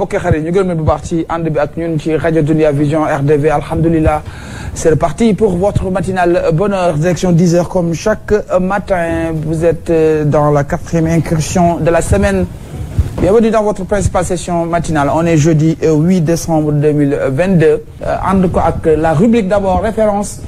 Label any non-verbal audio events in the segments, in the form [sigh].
mbokki xarit ñu bu baax ci ànd bi ak ñun ci rajo Dunia Vision RDV alhamdulilah c'est reparti pour votre matinale bonne heure direction comme chaque matin vous êtes euh, dans la quatrième incursion de la semaine bienvenue dans votre principale session matinale on est jeudi 8 euh, décembre 2022 euh, ànd ko ak la rubrique d'abord référence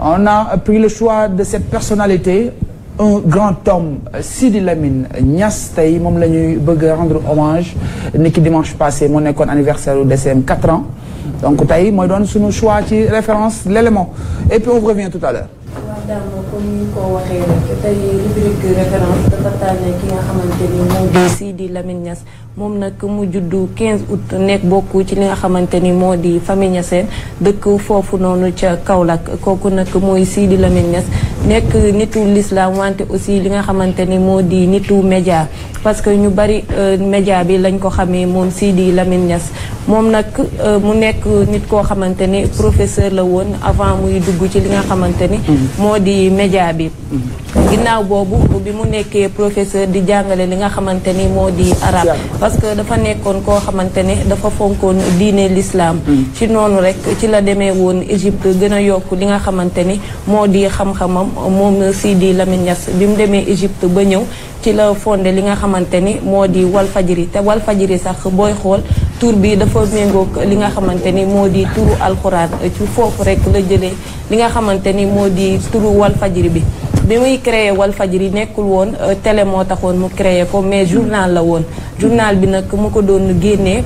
on a le choix de cette personnalité un grand homme Sidi Lamine Niass tey moom la ñuy bëgg rendre hommage ni ki dimanche passé mu nekkoon anniversaire du DCM 4 ans donc tey mooy doon suñu choix ci référence l'élément et puis on tout à l'heure daama comme ni ko waxee rek tey moom nag mu juddu quinze août nekk bokku ci li nga xamante ni moo di famille Niassène dëkk foofu noonu ca Kaolack kooku nag mooy Sidi Lamine Niass nekk nitu l'islam wante aussi li nga xamante ni moo di nitu média parce que ñu bari euh, média bi lañ ko xamee moom Sidi Lamine Niass moom nag euh, mu nekk nit koo xamante ni professeur la woon avant muy dugg ci li nga xamante ni mm-hmm. moo di média bi mm-hmm. ginnaaw boobu bi mu nekkee professeur di jàngale li nga xamante ni moo di arab parce que dafa nekkoon koo xamante ni dafa fonkoon diine l'islam hmm. ci noonu rek ci la demee woon Égypte gën a yokk li nga xamante ni moo di xam-xamam moom Sidi Lamine bi mu demee Égypte ba ñëw ci la fondé li nga xamante ni moo di Walfadjri te Walfadjri sax booy xool tur bi dafa méngoog li nga xamante ni moo di turu alxuraan ci foofu rek la jëlee li nga xamante ni moo di turu fajiri bi bi muy créé Walfadjri nekkul woon euh, télé moo taxoon mu créé ko mais journal la woon journal bi nag mu ko doon génnee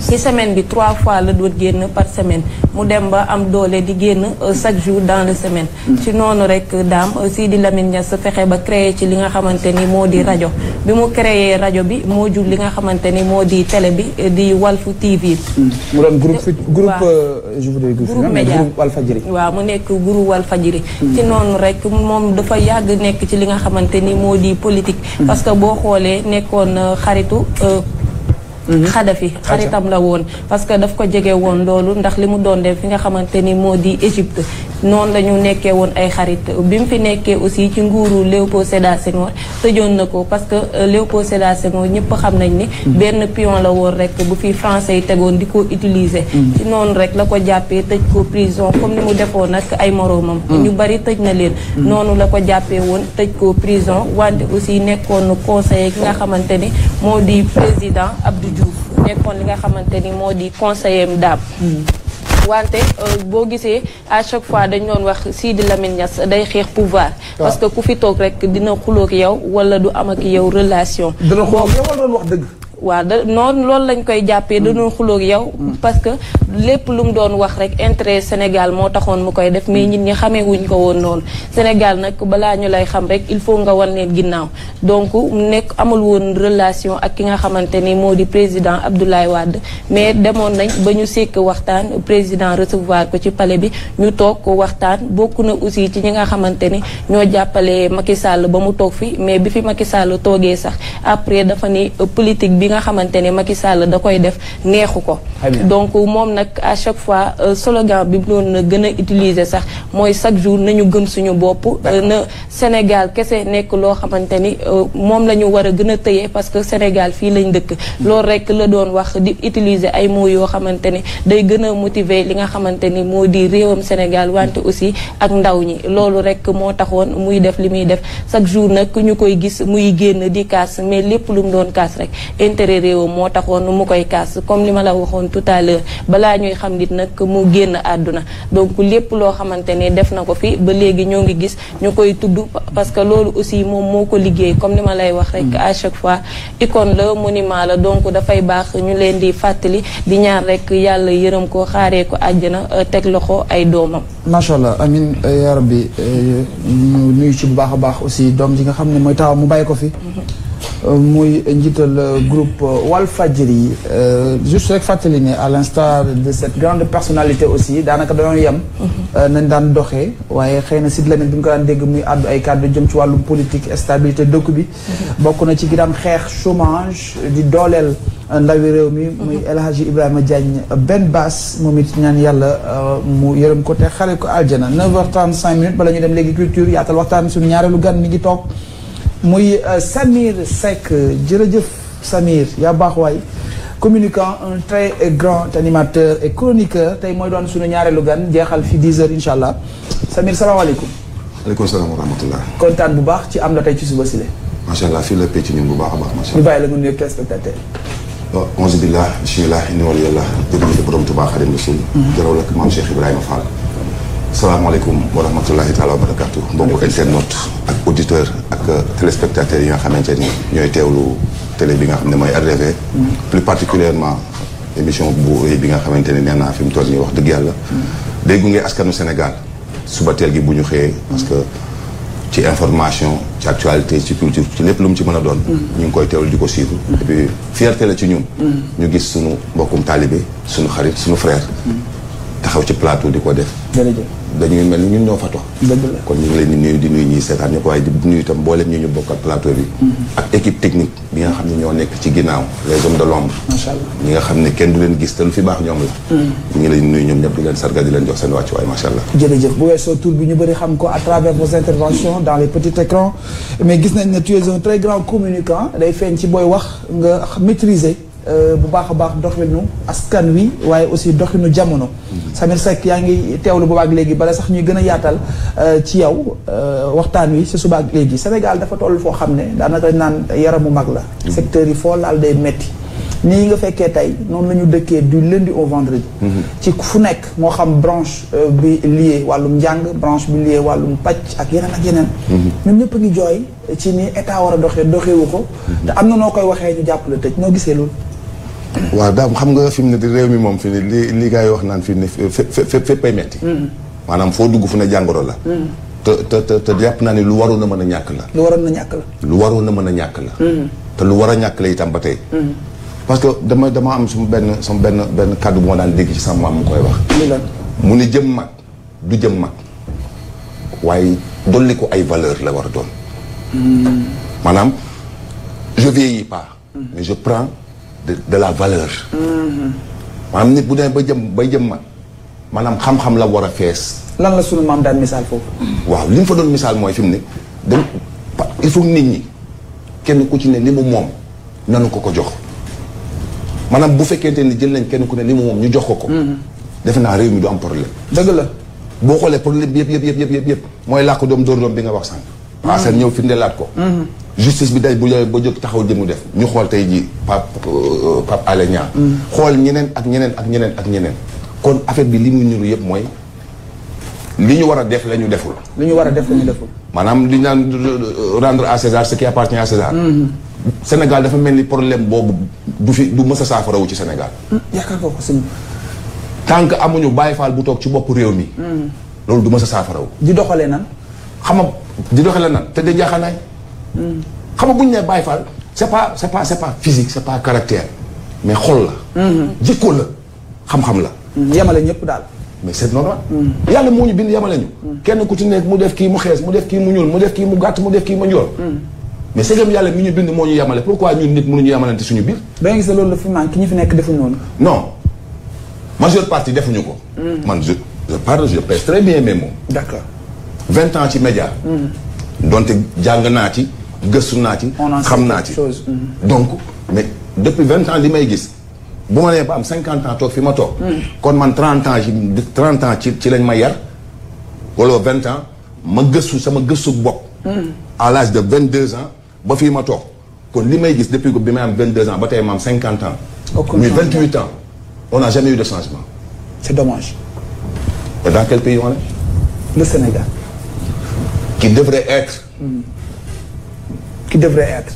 ci semaine bi trois fois la doon génn par semaine mu dem ba am doole di génn euh, chaque jours dans la semaine. ci noonu rek daam euh, Sidi Lamine Niass fexe ba créer ci li nga xamante ni moo di rajo bi mu créer rajo bi moo jur li nga xamante ni moo di télé bi euh, di Walfu TV. Hmm. mu doon groupe groupe je vous dis groupe média waaw mu nekk groupe Walfadjiri hmm. ci noonu rek moom dafa yàgg nekk ci li nga xamante ni moo di politique. Hmm. parce que boo xoolee nekkoon xaritu. xadafi mm-hmm. xaritam la woon parce que daf ko jege woon loolu ndax li mu doon dem fi nga xamante ni moo di Égypte noonu la ñu nekkee woon ay xarit bi mu fi nekkee aussi ci nguuru Léopold Sédar Senghor tëjoon na ko parce que euh, Léopold Sédar Senghor ñëpp xam nañ ni. Mm-hmm. benn pion la woon rek bu fi français yi tegoon di ko utiliser. Mm-hmm. ci noonu rek la ko jàppee tëj ko prison comme ni mu defoon nag ay moroomam. Mm-hmm. ñu bari tëj na leen. noonu la ko jàppee woon tëj ko prison wante aussi nekkoon conseiller ki nga xamante ni moo di président Abdou Diouf nekkoon li nga xamante ni moo di conseiller Dame. wante euh, boo gisee à chaque fois dañ doon wax Sidi Lamine Niass day xeex pouvoir. Ah. parce que ku fi toog rek dina xuloo yow wala du am ak yow relation. dina xuloo ak wax dëgg. waaw da noonu loolu lañ koy jàppee dañoo mm. xuloog yow mm. parce que lépp lum doon wax rek intérêt Sénégal moo taxoon mu koy def mais mm. nit ñi xamee wuñ ko woon noonu Sénégal nag balaa ñu lay xam rek il faut nga wan leen ginnaaw donc nekk amul woon relation ak ki nga xamante ni moo di président Abdoulaye Wade mais demoon nañ ba ñu sekk waxtaan président recevoir ko ci pale bi ñu toog ko waxtaan bokk na aussi ci ñi nga xamante ni ñoo jàppale Macky Sall ba mu toog fi mais bi fi Macky Sall toogee sax après dafa ni bi yi nga xamante ne Macky Sall da koy def neexu ko donc moom nag à chaque fois euh, slogan bi doon gën a utiliser sax mooy chaque jour nañu gëm suñu bopp euh, na Sénégal kese nekk loo xamante ni euh, moom la ñu war a gën a tëyee parce que Sénégal fii lañ dëkk loolu rek la doon wax di utiliser ay mots yoo xamante ni day gën a motiver li nga xamante ni moo di réewam Sénégal wante aussi ak ndaw ñi loolu rek moo taxoon muy def li muy def chaque jour nag ñu koy gis muy génn di cas mais lépp lu doon kaas rek intérêt réewam moo taxoon mu koy kaas comme li ma la waxoon tout à balaa ñuy xam nit nag mu génn àdduna donc lépp loo xamante ne def na ko fi ba léegi ñoo ngi gis ñu koy tudd parce que loolu aussi moom moo ko liggéey comme ni ma lay wax rek mm. à chaque fois icône la monument la donc dafay baax ñu leen di fàttali di ñaan rek yàlla yërëm ko xaaree ko àjjana euh, teg loxo ay doomam macha allah amin euh, yaa rabbi euh, ñu ci bu baax a baax aussi doom ji nga xam ne mooy taaw mu bàyyi ko fi mm-hmm. muy njiital euh, groupe euh, Walfadjri euh, juste rek fàttali ne à l'instar de cette grande personalité aussi daanaka dañoo yem mhm. nañ daan doxe waaye xëy na Sidy Lamine bi ñu ko daan dégg muy àddu ay kàddu jëm ci wàllum politique stabilité dëkk bi mhm. bokk na ci ki daan xeex chômage di dooleel ndawi réew mi muy mhm. El Hadji Ibrahima Diagne benn baas moom it ñaan yàlla mu yërëm ko te xare ko aljana 9h35 minutes bala ñu dem léegi culture yaatal waxtaan suñu ñaareelu gan mi ngi toog muy euh, Samir Seck jërëjëf Samir yaa baax waay communicant un très grand animateur et chroniqueur tey mooy doon suñu ñaareelu gan jeexal fi 10 heures incha allah Samir salaamaaleykum. aleykum salaam wa rahmatullah. kontaan bu baax ci am na tey ci suba si sile. macha allah fii la pecc ñun bu baax a baax macha allah. ñu bàyyi la nga nuyoog kii spectateur waaw onze oh, billah bismillah inni wali yàlla jërëjëf borom Tuubaa Xaadimu Rasuul. Mm-hmm. jaraw la ak maam Cheikh Ibrahima Fall. salaamaaleykum wa rahmatulahi taala wa barakaatu mbokk internaute ak auditeur ak euh, téléspectateurs yi nga xamante ni ñooy teewlu télé bi nga xam ne mooy RDV mm. plus particulièrement émission bu rëy bi nga xamante ne nee naa fi mu toll nii wax dëgg yàlla mm. day gunge askanu Sénégal suba teel gi bu ñu xëyee parce que ci information ci actualité ci culture ci lépp lu ci mën a doon mm. ñu ngi koy teewlu di ko suivre et puis ci ñun ñu gis sunu mbokkum taalibe sunu xarit sunu frère taxaw ci plateau di ko def. dañuy mel ni ñun ñoo fa kon ñu ngi leen di nuyu di nuyu ñuy seetaan ñu ko waaye di nuyu itam mboolem ñu ñu bokkal plateau bi. Mm-hmm. ak équipe technique bi nga xam ne ñoo nekk ci ginnaaw les hommes de allah ñi nga xam ne kenn du leen gis fi baax ñoom mm. ngi leen nuyu ñoom ñëpp di leen sargal di leen jox seen wàccuwaay bi ñu bëri xam ko à travers vos interventions dans les petits écrans mais gis nañ ne tu es un très grand communicant day feeñ ci booy wax nga maîtriser. Euh, bu baax a baax doxinu askan wi waaye aussi doxinu jamono. Mhm. Samir Seck yaa ngi teewlu boobaak léegi bala sax ñuy gën a yaatal euh, ci yow euh, waxtaan wi si subaak léegi Sénégal dafa toll foo xam ne daanaka naan yaramu mag la. Mhm. secteur yi foo laal day metti nii nga fekkee tey noonu la ñu dëkkee du lundi au vendredi. Mhm. ci fu nekk moo xam branche bi lié wàllum njàng branche bi lié wàllum pàcc ak yeneen ak yeneen. ñun ñëpp a ngi jooy ci ni état war a doxee doxewu ko. am na noo koy waxee ñu jàppale tëj noo gisee loolu. waaw daam xam nga fi mu ne di réew mi moom fi ne li li gars yi wax naan fi ni ne fépp féppay metti mm. maanaam foo dugg fu ne jàngoro la mm. te te te te jàpp naa ne lu waroon na mën a ñàkk la lu waroon na ñàkk la lu waroon na mën a ñàkk la mm. te lu war a ñàkk la itam ba tey parce que dama dama am sumu benn sama benn benn kàddu bu ma daan dégg ci sama mu koy wax mu ne jëm mag du jëm mag waaye dolli ko ay valeur la war a doon maanaam je vieillis pas mais je prends de de la valeur. maanaam nit bu demee ba jëm bay jëm ma maanaam xam-xam la war a fees. lan la sunu maam daan misaal foofu. waaw li mu fa doon misaal mooy fi mu ne dañ il faut nit ñi kenn ku ci ne li mu moom nanu ko ko jox maanaam bu fekkente ni jël nañ kenn ku ne li mu moom ñu jox ko ko. Mm-hmm. defe naa réew mi du am problème. dëgg la boo xoolee problème bi yëpp yëpp yëpp yëpp yëpp mooy làkk doom dóor doom bi nga wax sànq. waaw mm-hmm. seen ñëw firndeelaat ko. Mm-hmm. justice bi day bu ñëwee ba jóg taxaw jëmu def ñu xool tey ji Pape euh, Pape Alé Niang mm. xool ñeneen ak ñeneen ak ñeneen ak ñeneen kon affaire bi li mu niru yëpp mooy li ñu war a def la ñu deful li ñu war a def maanaam li ñu naan rendre à César ce qui appartient à César mm-hmm. Sénégal dafa mel ni problème boobu du fi du mës a saafarawu ci Sénégal mm, yaakaar ko tant que amuñu Baye Fall bu toog ci boppu réew mi mm. loolu du mës a saafarawu di doxalee nan xam di doxalee nan te de jaaxanaay xam nga bu ñu nee Baye Fall c'est pas c'est pas c'est pas physique c'est pas caractère mais xol la. jikko la xam-xam la. Mm-hmm. yemale ñëpp daal. mais c'est normal. yàlla moo ñu bind yemale ñu. Mm-hmm. kenn ku ci nekk mu def kii mu xees mu def kii mu ñuul mu def kii mu gàtt mu def kii mu njool. Mm-hmm. mais segam yàlla mi ñu bind moo ñu yemale pourquoi ñun nit mënuñu yemalante suñu biir. da nga gis loolu la fi manqué ki ñu fi nekk defuñu noonu. non majeure partie defuñu ko. man je je parle je pèse très bien mes mots. d'accord vingt ans média. donte jàng naa ci. gëstu naa ci. xam naa ci mhm. donc mais depuis vingt ans li may gis bu ma nee ba am cinquante ans toog fi ma toog. Mhm. kon man trente ans ci ci ci lañ ma yar wala vingt ans ma gëstu sama gëstu bopp. Mhm. à l'âge de vingt deux ans ba fii ma toog kon li may gis depuis que bi may am vingt deux ans ba tey ma am cinquante ans. muy on n'a jamais eu de changement. c'est dommage. et dans quel pays on est. le Sénégal. qui devrait être. qui devrait être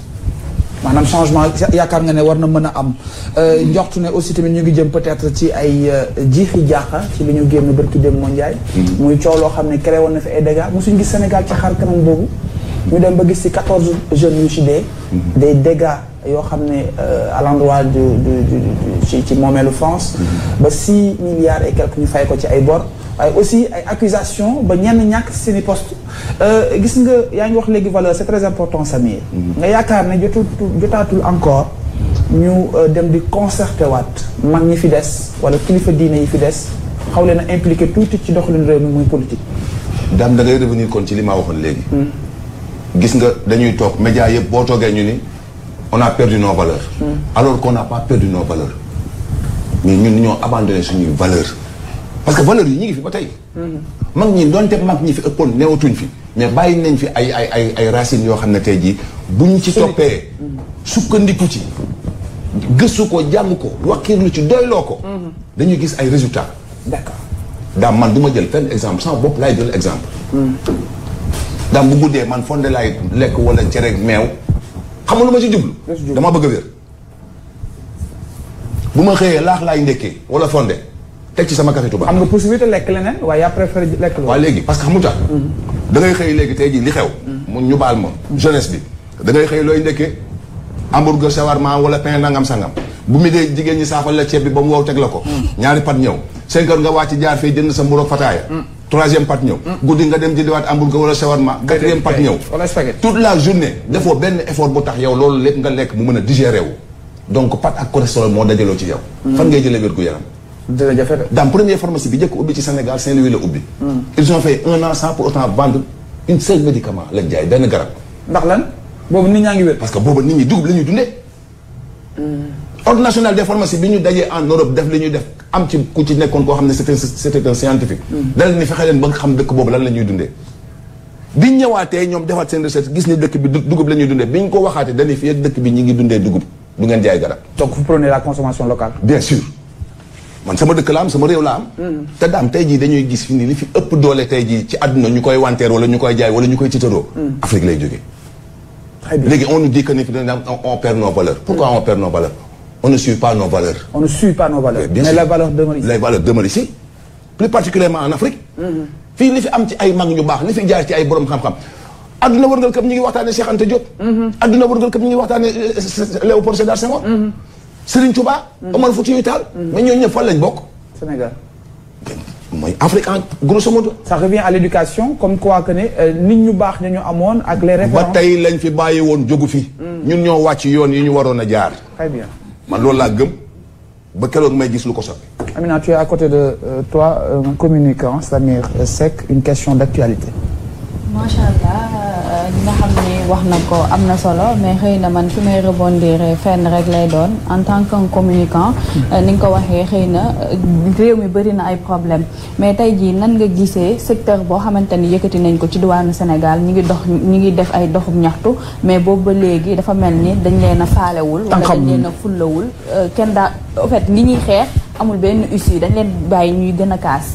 maanaam changement yaakaar nga ne war na mën a am euh, njoxtu ne aussi tamit ñu ngi jëm peut-être ci ay euh, jiixi jaaxa ci li ñu génn bërki dem moo njaay mm-hmm. muy coow loo xam ne créé woon na fi ay dégâts mosuñu gis Sénégal ci xaar kanam boobu ñu dem ba gis ci quatorze jeune yu ci dee mm-hmm. des dégâts yoo xam ne euh, à l'endroit du du ci ci moomeelu France mm-hmm. ba six milliards et quelques ñu fay ko ci ay bor waaye aussi ay accusation ba ñenn ñàkk seen i poste euh, gis nga yaa ngi wax léegi valeur c'est très important Samir mhm. nga yaakaar ne jotul jotaatul encore ñu euh, dem di concerté waat mag ñi fi des wala kilifa diine yi fi des xaw leen a impliqué tuuti ci doxalin réew mi muy politique daam da ngay revenir kon ci li maa waxoon léegi hmm. gis nga dañuy toog média yëpp boo toogee ñu ni on a perdu nos valeurs hmm. alors qu'on a pas perdu nos valeurs mais ñun ñoo abandonné suñuy valeurs parce que valeurs yi ñu ngi fi ba tey. mag ñi donte mag ñi fi ëppoon newatuñ fi mais bàyyi nañ fi ay ay ay yoo xam ne tey jii buñ ci toppee sukkandiku ci gëstu ko jàng ko wakkiirlu ci doyloo ko. Mhm. dañuy gis ay résultats. d'accord daam man du ma jël fenn exemple sama bopp laay jël exemple. Mhm. daam bu dee man fonde laay lekk walla cere meew xam lu ma ci jublu. dama bëgg a wér. bu ma xëyee laax laay ndekkee wala fonde. teg ci sama café Touba. am nga possibilité lekk leneen waaye yaa préféré lekk loolu. waaw léegi parce que xam nga mhm. xëy léegi tey jii li xew. Mhm. mu ñu baal ma mhm. jeunesse bi. da ngay xëy looy ndekkee hamburger shawarma wala pain nangam sangam bu mu dee jigéen ñi saafal la ceeb bi ba mu wow teg la ko. ñaari pat ñëw. cinq heures nga ci jaar fee jënd sa mburoog fataaya. troisième pat ñëw. guddi nga dem jëndiwaat hamburger wala shawarma. quatrième pat ñëw. toute la journée. defoo benn effort bu tax yow loolu lépp nga lekk mu mën a digérer wu. donc pat ak cholestérol moo dajaloo ci yow. fan ngay jëlee wér gu yaram dina jafe de. daan première pharmacie bi njëkk ubbi ci Sénégal Saint-Louis la ubbi. Hmm. ils ont fait un an sans pour autant vendre une seule médicament lañ jaay benn garab. ndax lan boobu nit ñaa ngi wér. parce que boobu nit ñi dugub la ñuy dundee. Hmm. ordre bi ñu dajee def li ñuy def am nekkoon koo xam ne c'était c'était un scientifique. Hmm. danañ ni fexe leen boobu lan la ñuy dundee. biñ ñëwaatee ñoom defaat seen recherche gis ni dëkk bi dugub la ñuy dundee biñ ko waxaatee dañuy fi dëkk bi ñu ngi dundee dugub du ngeen jaay garab. donc vous prenez la consommation locale. bien sûr. man sama dëkk laa am sama réew la am. Hmm. te daam tey jii dañuy gis fi ni li fi ëpp doole tey jii ci àdduna ñu koy wanteer wala ñu koy jaay wala ñu koy tiitaroo. Hmm. Afrique lay jógee. léegi on nous dit que ni fi dañu on perd nos valeurs. pourquoi hmm. on perd nos valeurs. on ne suit pas nos valeurs. on ne suit pas nos valeurs. bien mais les valeurs demeurent ici. plus particulièrement en Afrique. fii li fi am ci ay mag ñu baax li fi jaar ci ay borom xam-xam. adduna wërngal këpp ñu ngi waxtaanee Cheikh Anta Diop. adduna wërngal këpp ñu ngi waxtaanee euh, euh, Léopold Sédar Senghor. Serigne Touba. Mhm. Omar Foutiyou Tall. Mhm. mais ñooñu ñëpp fa lañ bokk. Sénégal. mooy Afrique en grosso sa ça revient à l'éducation comme quoi que ne euh, nit ñu baax ña ñu amoon ak les références. ba tey lañ fi bàyyi woon jógu fi. Mhm. ñun ñoo wàcc yoon yi ñu waroon a jaar. très bien man loolu laa gëm ba keroog may gis lu ko soppi. Amina tu es à côté de euh, toi un communicant Samir Seck une question d'actualité. Machallah. wax na ko am na solo mais xëy na man fi may rebondir eh, fenn rek lay doon en tant qu'un communican eh, ni nga ko waxee xëy na eh, réew mi bëri na ay problème mais tey jii nan nga gisee secteur boo xamante ni yëkkati nañ ko ci duwaanu Sénégal ñi ngi dox ñi ngi def ay doxum ñaxtu mais boobu ba léegi dafa mel ni dañ leen a faalewul wala dañ leen a fullawul kenn daal en fait li ñuy xeex amul benn issue dañ leen bàyyi ñuy gën a kaas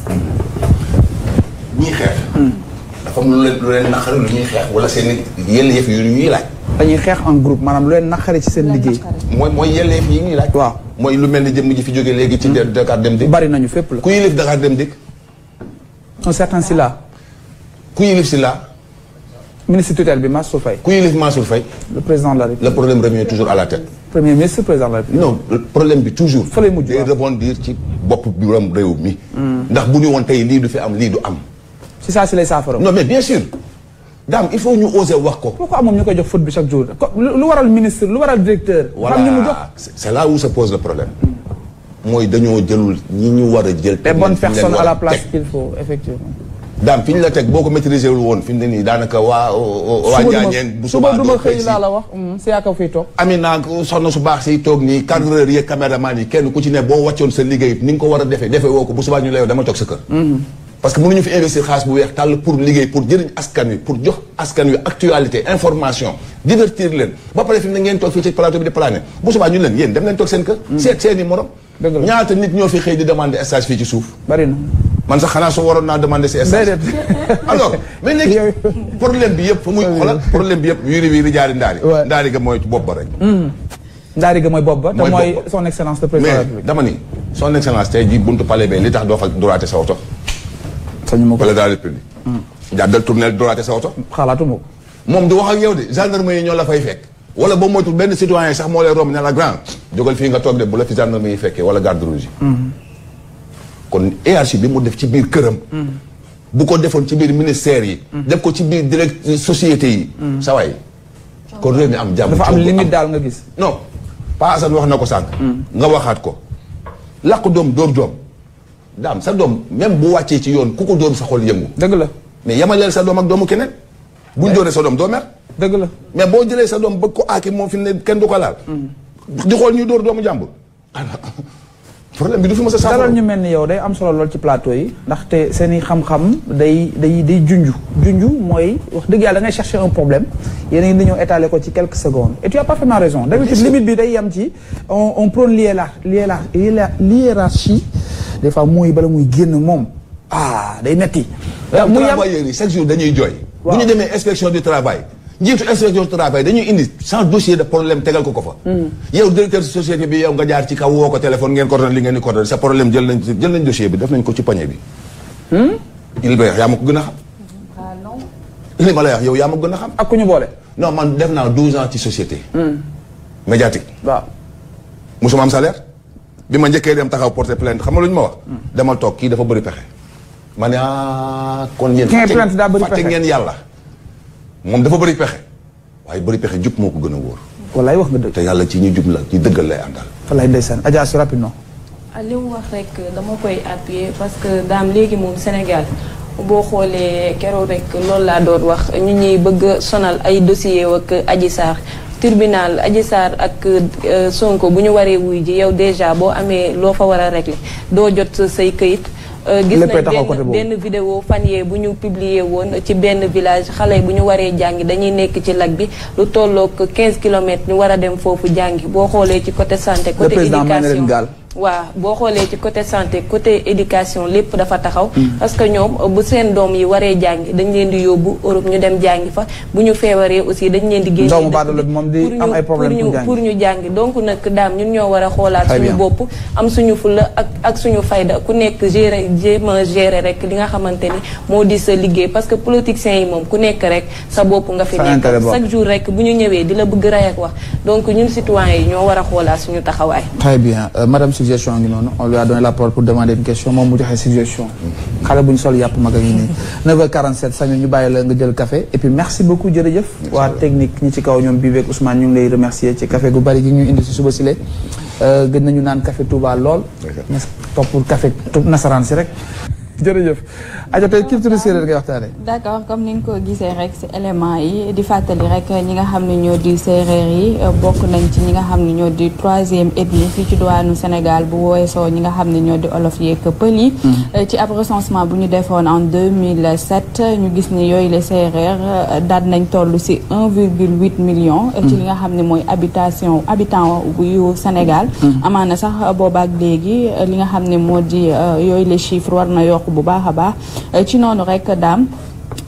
dafa lu leen naqari lu ñuy xeex wala seen i yenn yu ñuy laaj. dañuy xeex en groupe maanaam lu leen naqari ci seen liggéey. mooy mooy yenn yëf yi ñuy laaj. waaw mooy lu mel ni jëmm ji fi jógee léegi. ci hmm. Dakar Dem Dikk. bari nañu fépp la ku yilif Dakar Dem Dikk. un certain Sylla. ku yilif Sylla. ministre tutelle bi Mansour Faye. ku yilif Mansour Faye. le président de la République. le problème revient toujours à la tête. premier ministre président la République. non problème bi toujours. fa lay mujj day rebondir ci bopp bi borom réew mi. Hmm. ndax bu ñu woon tey lii du fi am lii du am. ci saa si lay saafara. non mais bien sûr. daam il faut ñu oser wax ko. pourquoi moom ñu koy jox foot bi chaque jour lu waral ministre lu waral directeur. xam ñu mu jox c'est là où se pose le problème. mooy dañoo jëlul ñi ñu war a jël. te bonne personne à la place qu'il faut effectivement. daam fi ñu la teg boo ko maîtriser wul woon fi mu ne nii daanaka waa waa Njaañeen bu suba duma xëy laa la wax si yaakaar fiy toog Amina soxna su baax si toog nii cadreur yeeg caméraman yi kenn ku ci ne boo wàccoon sa liggéey ni nga ko war a defee defee woo ko parce que mënuñu fi investir xaalis bu weex tàll pour liggéey pour jëriñ askan wi pour jox askan wi actualité information divertir leen ba pare fi mu ngeen toog fii ci plateau bi di plané bu subaa ñu leen hmm. di suuf. man sax xanaa soo waroon naa demander si stage. [laughs] alors mais léegi hmm. mais dama ni son excellence tey jii buntu palais bi li tax doo fa duraate sa oto sañu ma ko wala daal république hmm. jàddal tournel droite sa oto xalaatuma ko moom di wax ak yow de gendarme yi ñoo la fay fekk wala boo moytul benn citoyen sax moo lay romb ne la grand jógal fii nga toog de bu la fi gendarme yi fekkee wala garde rouge yi hmm. kon hiérarchie bi mu def ci biir këram hmm. bu ko defoon ci biir ministère yi def ko ci biir direct société yi sa waay kon réew mi am jàmm dafa am limite daal nga gis non Pa Assane wax na ko sànq nga waxaat ko làkk doom dóor doom daam sa doom même boo wàccee ci yoon ku ko dóor sa xol yëngu. dëgg la mais yamaleel sa doom ak doomu keneen. buñ dóoree sa doom doo mer. dëgg la mais boo jëlee doom bëgg ko moom fi ne kenn du ko laal. Mm. di xool ñuy dóor doomu jàmbur. problème bi du fi mos a saafara dalal ñu mel ni yow day solo lool ci plateau yi. ndaxte seen i xam-xam day day day junju. junju mooy wax dëgg yàlla da ngay chercher un problème yéen a ngi ñëw étaler ko ci quelques secondes et tu as parfaitement raison. d'habitude limite bi day yem ci on on prône l'hiérarchie des fois mooy bala muy génn moom ah day netti. Eh, mu yam travailleurs yi chaque jour dañuy jooy. bu ñu demee inspection du travail. njiitu inspection du travail dañuy indi sans dossier de problème tegal ko ko fa. Hmm. yow directeur société bi yow nga jaar ci kaw woo ko téléphone ngeen coordonné li ngeen di coordonné sa problème jël nañ jël nañ dossier bi def nañ ko ci panier bi. Hmm? il ba yaa ma ko gën a xam. li ma lay wax yow yaa ma gën a xam. ak ku ñu boole. non man def naa 12 ans ci société. Hmm. médiatique. waaw musuma bi ma njëkkee dem taxaw porter plainte xam nga lu ñu ma wax. demal toog kii dafa bëri pexe. ma ne ah kon yéen. plainte daa bëri pexe fàtte ngeen yàlla. moom dafa bëri pexe waaye bëri pexe jub moo ko gën a wóor. wallaay wax nga dëgg. te yàlla ci ñu jub la ci dëggal lay àndal. wallaay ndeysaan Adja su rapidement. Ah, li mu wax rek dama koy appuyer parce que daam léegi moom Sénégal boo xoolee keroog rek loolu laa doon wax ñu ñuy bëgg sonal ay dossier ak Adji Sarr tribunal Adji ak euh, Sonko bu ñu waree wuy ji yow déjà boo amee loo fa war a régler doo jot say këyit euh, gis nañ benn benn vidéo fan yee bu ñu publier woon ci benn village xale bu ñu waree jàngi dañuy nekk ci lag bi lu tolloog 15 kilomètres ñu war a dem foofu jàngi boo xoolee ci côté santé côté éducation waaw boo xoolee ci côté santé côté éducation lépp dafa taxaw. Mm. parce que ñoom euh, bu seen doom yi waree jàngi dañ leen di yóbbu Europe ñu dem jàngi fa bu ñu feebaree aussi dañ leen di. génne doomu baadala moom di am ay problème pour ñu pour ñu nag daam ñun ñoo war a xoolaat bopp. am suñu fulla ak ak suñu fayda ku nekk gérer jéem a gérer rek li nga xamante ni moo di sa liggéey parce que politiciens yi moom ku nekk rek sa bopp nga fi nekk. chaque jour rek bu ñu ñëwee di la bëgg ray wax donc ñun citoyens yi ñoo war a xoolaat suñu taxawaay. suggestion ngi noonu on lui a donné la parole pour demander une question moom mu joxe suggestion xale bu sol yàpp mag a ngi nii 9h47 [laughs] Samuel ñu bàyyi la nga jël café et puis merci beaucoup jërëjëf waa technique ñi ci kaw ñoom bii beeg Ousmane ñu ngi lay remercier ci café gu bari gi ñu indi si suba si euh, gën nañu naan café Touba lool nas topp café nasaraan si rek jërëjëf. aja tey culture séeréer ngay waxtaanee. d' accord comme ni nga ko gisee rek si éléments yi di fàttali rek ñi nga xam ne ñoo di séeréer yi bokk nañ ci ñi nga xam ne ñoo di troisième ethnie fii ci diwaanu Sénégal bu weesoo ñi nga xam ne ñoo di olof yi. Mhm. ci ab recensement bu ñu defoon en 2007 ñu gis ni yooyu les séeréer daal nañ toll si 1,8 million. Mhm. ci li nga xam ne mooy habitation habitant yu Sénégal. Mhm. amaana sax boobaak léegi li nga xam ne moo di euh, yooyu les chiffres war na yokk. ko bu baax a baax euh, ci noonu rek daam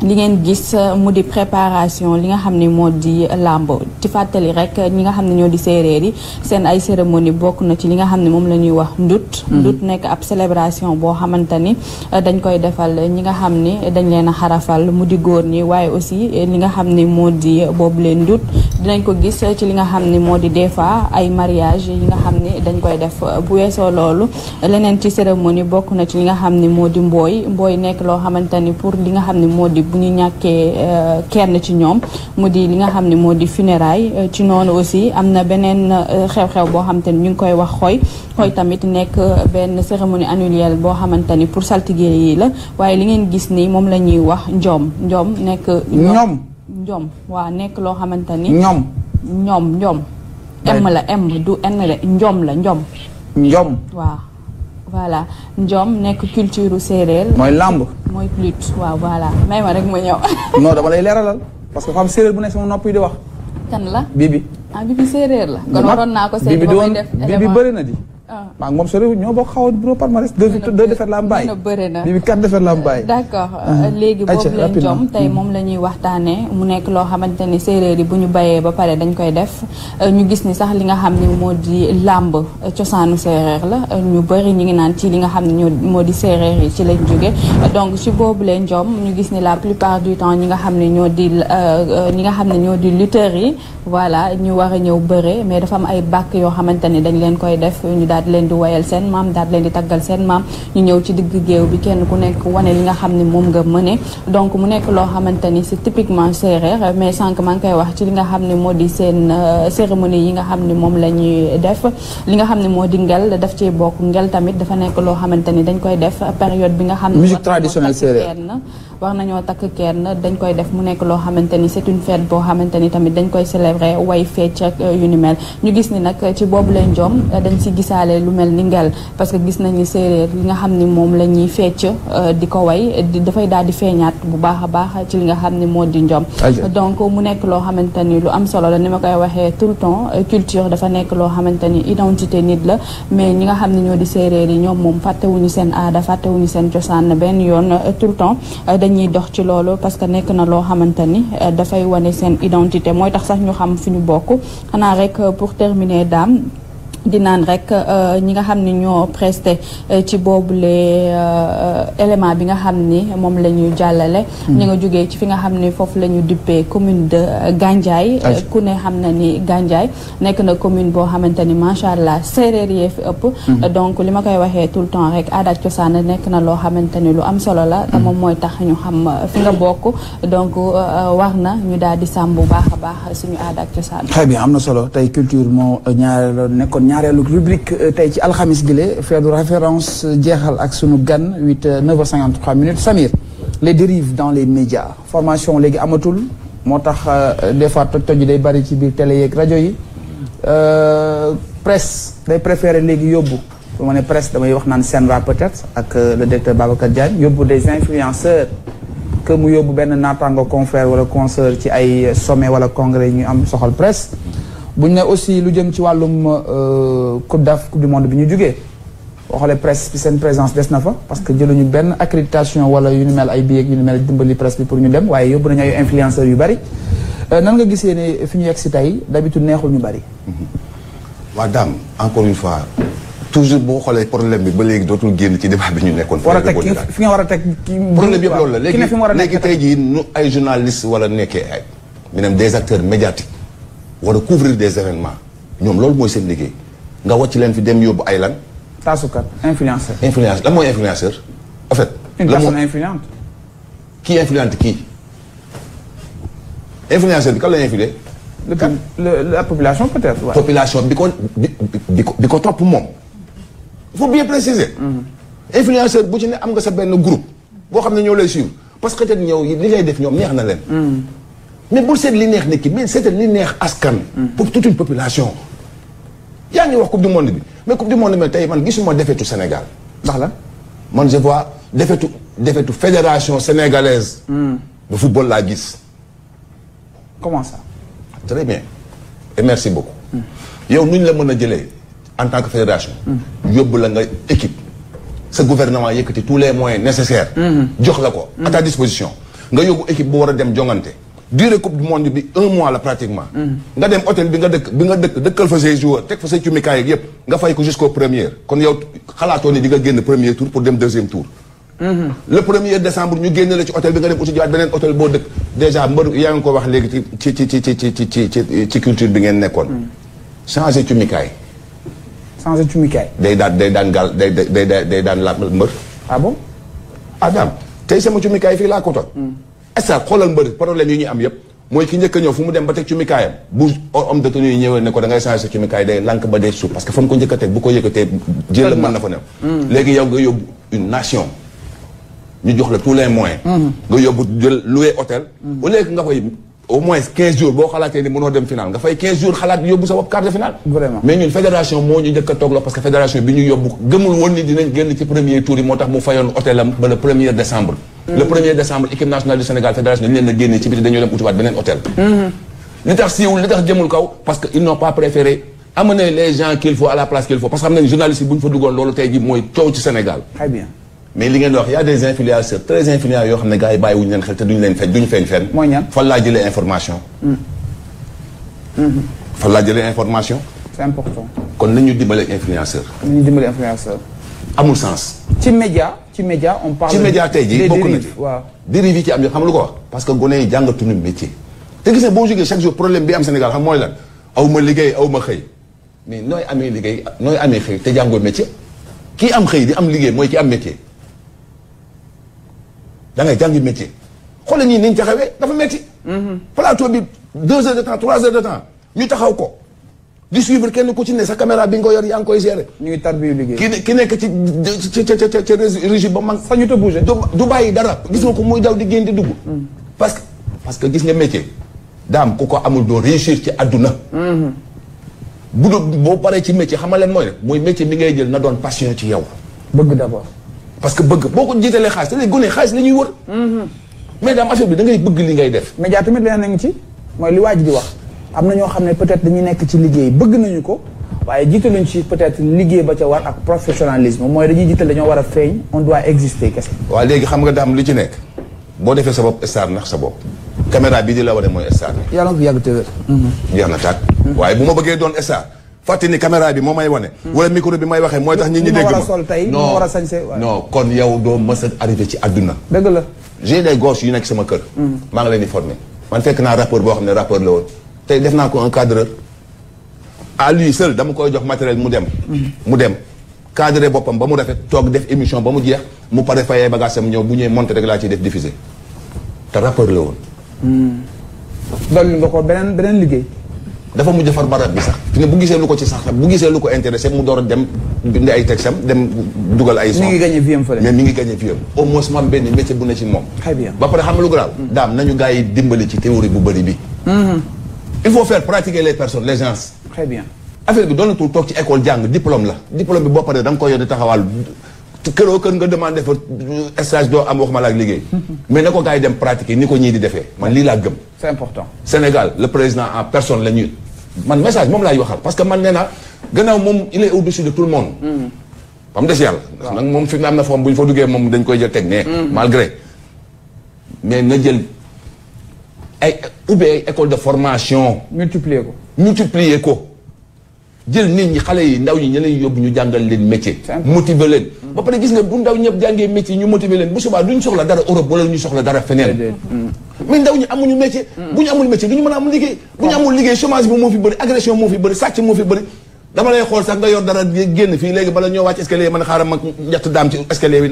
li ngeen gis euh, mu di préparation li nga xam ne moo di làmb ci fàttali rek ñi nga xam ne ñoo di séeréer yi seen ay cérémonie bokk na ci li nga xam ne moom la ñuy wax ndut mm-hmm. ndut nekk ab célébration boo xamante ni euh, dañ koy defal ñi nga xam ni dañ leen a xarafal mu di góor ni waaye aussi li nga xam ne moo di boobu leen ndut dinañ ko gis ci li nga xam ni moo di des fois ay mariage yi nga xam ni dañ koy def bu weesoo loolu leneen ci cérémonie bokk na ci li nga xam ni moo di mbooy mbooy nekk loo xamante ni pour li nga xam ni moo di bu ñu ñàkkee euh, kenn ci ñoom mu di li nga xam ni moo di funérailles euh, ci noonu aussi am na beneen euh, xew-xew boo xamante ni ñu ngi koy wax xooy xooy tamit nekk benn cérémonie annuelle boo xamante ni pour saltige yi la waaye li ngeen gis ni moom la ñuy wax njoom njoom nekk ñoom ñoom waa nekk loo xamante ni. ñoom. ñoom ñoom. M la M du N la ñoom la njom ñoom. waaw voilà ñoom nekk culture séeréer. mooy làmb. mooy lutte waaw voilà may ma rek ma ñëw. [laughs] non dama lay leeralal parce que fam séeréer bu nekk sama nopp yi di wax. kan la bibi. ah séeréer la. kon waroon naa ko séeréer ba may def élément bibi bëri na di. Ah. maa ngi moom sori ñoo bokk xawoon bureau palmarès. deux deux défaites la am bàyyi bi ah. euh, léegi boobu leen jom tey moom la ñuy waxtaanee mu nekk loo xamante ni séeréer yi bu ñu bayee ba pare dañ koy def euh, ñu gis ni sax li nga xam ne moo di làmb euh, cosaanu séeréer la ñu bëri ñu ngi naan ci li nga xam ne moo di séeréer yi ci lañ jóge donc ci boobu leen jom ñu gis ni la plupart du temps ñi nga xam ne ñoo di ñi nga xam ne ñoo di lutteurs yi voilà ñu war a ñëw bëre mais dafa am ay bàkk yoo xamante ni dañ leen koy def ñu daal daal leen di woyal seen maam daal leen di taggal seen maam ñu ñëw ci digg géew bi kenn ku nekk wane li nga xam ne moom nga mëne donc mu nekk loo xamante ni c'est typiquement séeréer mais sànq maa ngi koy wax ci li nga xam ne moo di seen euh, cérémonie yi nga xam ne moom la ñuy def li nga xam ne moo di ngel daf cee bokk ngel tamit dafa nekk loo xamante ni dañ koy def période bi nga xam ne musique traditionnelle séeréer wax nañoo takk kenn dañ koy def mu nekk loo xamante ni c'est une fête boo xamante ni tamit dañ koy célébrer way fecc ak euh, yu ni mel ñu gis ni nag ci boobu leen jom euh, dañ si gisaale lu mel ni ngel parce que gis nañ ni séeréer li nga xam ni moom la ñuy fecc euh, di ko way dafay daal di feeñaat bu baax a baax ci li nga xam ni moo di njom donc mu nekk loo xamante ni lu am solo la ni ma koy waxee tout le temps culture dafa nekk loo xamante ni identité nit la mais ñi nga xam ne ñoo di séeréer yi ñoom moom fàttewuñu seen aada fàttewuñu seen cosaan benn yoon tout le temps dañuy dox ci loolu parce que nekk na loo xamante ni euh, dafay wane seen identité mooy tax sax ñu xam fi ñu bokk xanaa rek euh, pour terminer daam di naan rek euh, ñi nga xam ne ñoo presté euh, ci boobule euh, élément bi nga xam ni moom la ñuy jàllale. Hmm. ñi nga jógee ci fi nga xam ni foofu la ñu duppee commune de Gandiaye. Ah, ku ne xam na ni Gandiaye nekk na commune boo xamante ni macha allah séeréer yee fi ëpp. Hmm. donc li ma koy waxee tout le temps rek aada ak cosaan nekk na loo xamante ni lu am solo la. te hmm. moom mooy tax ñu xam fi nga bokk donc war na ñu daal di sàmm bu baax a baax suñu aada ak cosaan. très bien am na solo tey culture moo ñaar ñaareelu rubrique euh, tey ci alxamis gi la fait de référence euh, jeexal ak suñu gan 8 9h53 euh, minutes Samir les dérives dans les média formation léegi amatul moo tax des fois toj-toj day bari ci biir télé yeeg rajo yi presse day préféré léegi yóbbu bu ma ne presse damay wax naan seen peut-être ak le directeur Babacar Diagne yóbbu des influenceurs que mu yóbbu benn naataango confrère wala consoeur ci ay sommet wala congrès yi ñu am soxal presse bu ñu ne aussi lu jëm ci wàllum euh, coupe d'Afrique coupe du monde bi ñu jugee boo xoolee presse seen présence des na fa parce que jëluñu benn accréditation wala yu ni mel ay billets yu ni mel dimbali presse bi pour ñu dem waaye yóbbu nañu ay influenceurs yu bari euh, nan nga gisee ne fi ñu yegg si tey d'habitude neexul ñu bari. Mm-hmm. waa daam encore une fois toujours boo xoolee problème bi ba léegi dootul génn ci débat bi ñu nekkoon. war a teg fi nga war a teg problème yëpp loolu la léegi léegi tey jii ay journalistes wala nekkee ay. maanaam des acteurs médiatiques. war a couvrir des événements ñoom loolu mooy seen liggéey nga ci leen fi dem yóbbu ay lan. taasukat influenceur. influence lan mooy influenceur en fait. une personne influente. kii influente kii influenceur bi kan la influé. kan la population peut-être. population bi ko bi ko bi ko topp moom. il faut bien préciser. Mm-hmm. influenceur bu ci ne am nga sa benn groupe. boo xam ne ñoo lay suivre parce que te ñëw li ngay def ñoom neex na leen. Mm-hmm. mais bul seet li neex nit ki mais seetal li neex askan. Mhm. pour toute une population. yaa ngi wax coupe du monde bi mais coupe du monde bi tey man gisuma defetu Sénégal. ndax la man je vois defetu defetu fédération sénégalaise. Mhm. de football laa gis. comment ça. très bien et merci beaucoup. Mhm. yow nu ñu la mën a jëlee en tant que fédération. yóbbu la nga équipe. sa gouvernement yëkkati tous les moyens nécessaires. jox la ko. à ta disposition nga yóbbu équipe bu war a dem jongante. durée coupe du monde bi un mois la pratiquement. Mm. nga dem hôtel bi nga dëkk bi nga dëkk dëkkal fa say joueurs teg fa say cumikaay yeeg yëpp nga fay ko jusqu'au premier kon yow xalaatoo ni di nga génn premier tour pour dem deuxième tour. Mm-hmm. le premier décembre ñu génne la ci hôtel bi nga dem uti jiwaat beneen hôtel boo dëkk déjà mbër yaa ngi ko wax léegi ci ci ci ci ci ci ci ci culture bi ngeen nekkoon. Mm. changer cumikaay. changer cumikaay. day daan day daan gal day day day daan la mbër. ah bon. Adam tey sama cumikaay fii laa ko stade xoolal mbër problème yi ñu am yëpp mooy ki njëkk a ñëw fu mu dem ba teg ci mikaayam bu homme de tenue yi ñëwee ne ko da ngay changé sa ci mikaay day lànk ba dee suuf parce que fa ko njëkk a teg bu ko yëkkatee jël mën na fa new mm. léegi yow nga yóbbu une nation ñu jox la tous les moyens mm. nga yóbbu jël louer hôtel mm. au lieu que nga koy au moins 15 jours boo xalaatee ni mënoo dem final nga fay 15 jours xalaat yóbbu sa bopp quart de finale. vraiment mais ñun fédération moo ñu njëkk a toog la parce que fédération bi ñu yóbbu gëmul woon ni dinañ génn ci premier tour yi moo tax mu fayoon hôtel am ba le premier décembre. Mm. le premier décembre équipe nationale du Sénégal fédération dañu leen a génne ci biti dañoo dem utiwaat beneen hôtel. Mm-hmm. li tax siiwul li tax jëmul kaw mais li di wax a des influenceurs très influents yoo xam ne gars yi bàyyi wuñu leen xel te duñu leen feeñ duñu feeñ fenn. mooy ñan laa jëlee information. Hmm. Hmm. fan laa jëlee information. c'est important. kon nañu dimbale influenceur. nañu amul sens. ci média ci média on parle. média tey jii bokk na ci waaw. dérive ci am xam lu ko wax. que gone yi jàngatuñu métier. te boo jógee chaque jour problème bi am Sénégal xam mooy lan aw ma liggéey aw ma xëy mais nooy amee liggéey nooy amee xëy te jàngoo métier kii am xëy di am liggéey mooy ki am métier dangay ngay jàngi métier xoolal ñii ni ñu taxawee dafa métti. Mhm. plateau bi deux heures de temps trois heures de temps ñu taxaw ko. di suivre kenn ku ci ne sa caméra bi nga yor yaa ngi koy gérer. ñu ngi tarbi liggéey. ki ne ki nekk ci ci ci ci ci régime ba man. du bàyyi dara. gis nga ko muy daw di génn di dugg. Mhm. parce que parce que gis nga métier. daam ku ko amul doo réussir ci adduna mhm. bu dul boo paree ci métier xamal leen mooy rek mooy métier bi ngay jël na doon passion ci yow. bëgg d'abord. parce que bëgg boo ko jiitalee xaalis te léegi gone xaalis la ñuy wër. Mhm. mais daam affaire bi da ngay bëgg li ngay def. mais jaa tamit leneen ci mooy li waa ji wax am na ñoo xam ne peut-être dañuy nekk ci liggéey bëgg nañu ko waaye jiitaluñ ci peut-être liggéey ba ca war ak professionnalisme mooy dañuy jiital dañoo war a feeñ on doit exister kese. waa léegi xam nga daam lu ci nekk boo defee sa bopp star ndax sa bopp caméra bii di la wane mooy star. yàlla na ko yàgg te wér. jeex na tàkk. Mhm. waaye bu ma bëggee doon star. fàtte ni caméra bi moo may wone wala micro bi may waxee mooy tax ñi ñi dégg ma war a sol tey ma war a sañse non kon yow doo mës a arrivé ci àdduna. dëgg la j'ai des gosses nag sama kër. Hmm. maa ngi leen di formé man fekk naa rapport boo xam ne rappeur la woon tey def naa ko un cadreur à lui seul dama koy jox matériel mu dem. Hmm. mu dem cadré boppam ba mu rafet toog def émission ba mu jeex mu pare fayee bagage am ñëw bu ñëwee monté rek laa ciy def diffusé te rappeur la woon. Hmm. dolli nga liggéey. dafa mujj defar barab bi sax fi ne bu gisee lu ko ci sax bu gisee lu ko intéressé mu door a dem bind ay texam dem dugal ay son mais mi ngi gagné vie am au moins mu am benn métier bu ne ci moom très bien ba pare xam nga lu garaaw daam nañu gars yi dimbali ci théorie bu bëri bi mm-hmm. il faut faire pratiquer les personnes les gens très bien affaire bi doonatul toog ci école jàng diplôme la diplôme bi boo paree da koy yónni taxawaal këroo kër nga demandé fa euh, stage doo am wax la ak liggéey. [laughs] mais ne ko gars yi dem pratiquer ni ko ñii di defee man lii laa gëm. c'est important Sénégal le président en personne la ñuy man message moom laay waxal parce que man nee naa gannaaw moom il est au-dessus de tout le monde. Mm. ba mu des yàlla. moom fi mu am na forme bu ñu fa duggee moom dañ koy jël teg nee. Mm. malgré mais na jël ay ubbi ay école de formation. multiplier ko multiplier ko. jël nit ñi xale yi ndaw yi ñu leen yóbbu ñu jàngal leen métier. motiver leen. Mm. ba pare gis nga bu ndaw ñëpp jàngee métier ñu motiver leen bu subaa duñ soxla dara Europe wala ñu soxla dara feneen. Mm. mais ndaw ñi amuñu métier. Mm. bu ñu amul métier du ñu mën a am liggéey. bu ñu amul liggéey chômage bi moo fi bëri agression moo fi bëri sàcc moo fi bëri. dama lay xool sax nga yor dara génn fii léegi bala ñoo wàcc escalier yi a xaaral mag ñett daam ci escalier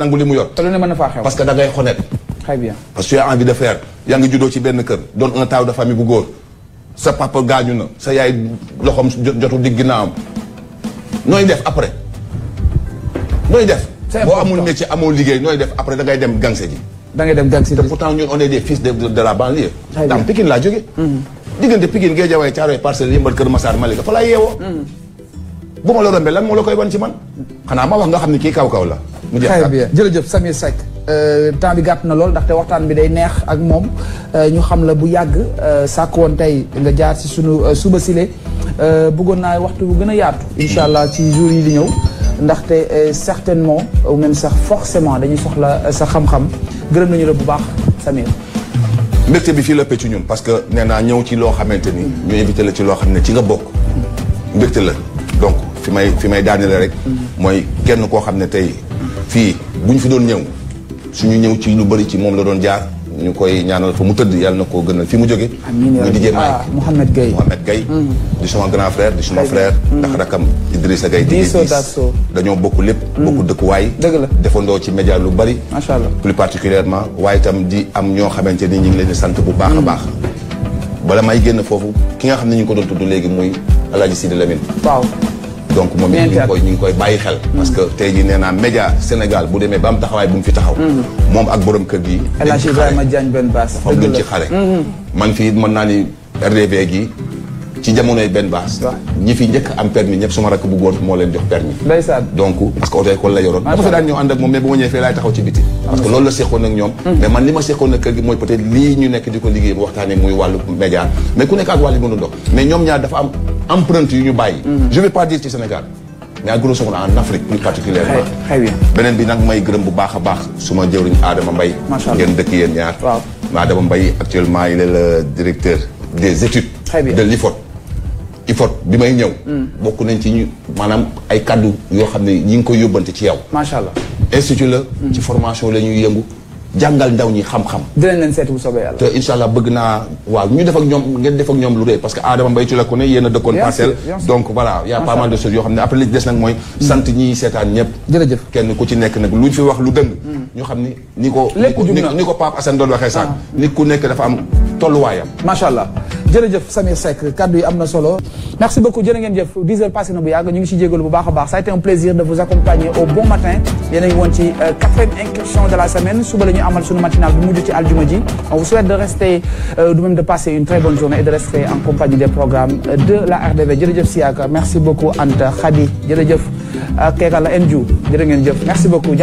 benn kër doon un sa papa gaañu na sa yaay loxoom jotu di ginnaawam nooy def après nooy def. boo amul métier amoo liggéey nooy def après da ngay dem gangse ji. da ngay dem gangse ji te pourtant ñun on est des fils de de la banlieue. daam Pikine laa jógee. Hmm. diggante Pikine Guédiawaye Thiaroye Parcelles Yeumbeul Kër Massar Malika fa laa yeewoo. Hmm. bu ma la rombee lan moo la koy wan ci man xanaa ma wax nga xam ne kii kaw kaw la. mu très bien jërëjëf Samir Seck euh, temps bi gàtt na lool ndaxte waxtaan bi day neex ak moom euh, ñu xam la bu yàgg euh, sàkk woon tey nga jaar si sunu suba sile bëggoon naa waxtu bu gën a yaatu incha allah ci jours yi di ñëw ndaxte certainement ou même sax forcément dañuy soxla sa xam-xam gërëm nañu la bu baax Samir mbégte bi fii la ci ñun parce que nee naa ñëw ci loo xamante ni ñu invité la ci loo xam ne ci nga bokk mbégte la donc fi may fi may daanele rek mm. mooy kenn koo xam ne tey fii bu ñu fi doon ñëw suñu ñëw ci lu bëri ci moom la doon jaar ñu koy ñaanal fa mu tëdd yàlla na koo gënal fi mu jóge muy DJ Mike ah, Mouhamed Gueye Mouhamed Gueye mm. di sama grand frère di sama frère mm. ndax rakam Idrissa Gueye di dañoo bokk lépp mm. bokk dëkkuwaay dëgg la defandoo ci média lu bari macha allah plus particulièrement waaye itam di am ñoo xamante ni ñu ngi leen sant bu baax a baax bala may génn foofu ki nga xam ne ñu ko doon tudd léegi muy Alaaji Sidi Lamine waaw donc moom it ñu ngi koy ñu ngi koy bàyyi xel mm-hmm. parce que tey jii nee naa média Sénégal bu demee ba am taxawaay bu mu fi taxaw mm-hmm. moom ak borom kër gi benn baas faw gën ci xale mm-hmm. man fii mën naa ni RDV gi ci jamonoy benn baas ñi fi njëkk am permis ñëpp suma rakk bu moo leen jox permis donc parce que oto école la yoroon dafa daan ñëw ànd ak moom mais bu ma fee laay taxaw ci biti parce que loolu la seqoon ak ñoom mais man li ma seqoon ak kër gi mooy empreinte yu ñu bàyyi. Mm-hmm. je vais pas dire ci Sénégal mais à grosso modo en Afrique plus beneen bi nag may gërëm bu baax a baax suma jëwriñ Adama Mbaye ngeen dëkk yéen ñaar Adama Mbaye actuellement il est le directeur des études de l'IFOT IFOT bi may ñëw mm. bokk nañ ci ñu maanaam ay kaddu yoo xam ne ñi ngi koy yóbbante ci yow macha allah institut la mm. ci formation la ñuy yëngu jàngal ndaw ñi xam-xam. dinañ seet bu soobee yàlla. te incha bëgg naa waaw ñu def ak ñoom ngeen def ak ñoom lu rëy parce que Adama Mbaye ci la ko ne yéen a dëkkoon parcelle donc voilà y' a pas mal de choses yoo xam ne après li des nag mooy. sant ñiy seetaan ñëpp. jërëjëf kenn ku ci nekk nag lu fi wax lu dëng. Mm. ñu xam ni ni ko. lépp jum na ni ko Pape Assane doon waxee sànq. Ah. nit ku nekk dafa am tolluwaayam. macha allah. jërëjëf Samir Seck du yi am na solo merci beaucoup jërë ngeen jëf 10 heures passé na bu yàgg ñu ngi ci bu baax a baax ça a été un plaisir de vous accompagner au bon matin yéen a ngi woon ci euh, quatrième incursion de la semaine suba la ñu amal sunu matinal bu mujj ci aljuma ji on vous souhaite de rester euh, du même de passer une très bonne journée et de rester en compagnie des programmes euh, de la RDV jërëjëf Siaka merci beaucoup Anta Khady jërëjëf Kekala Ndiou jërë jëf merci beaucoup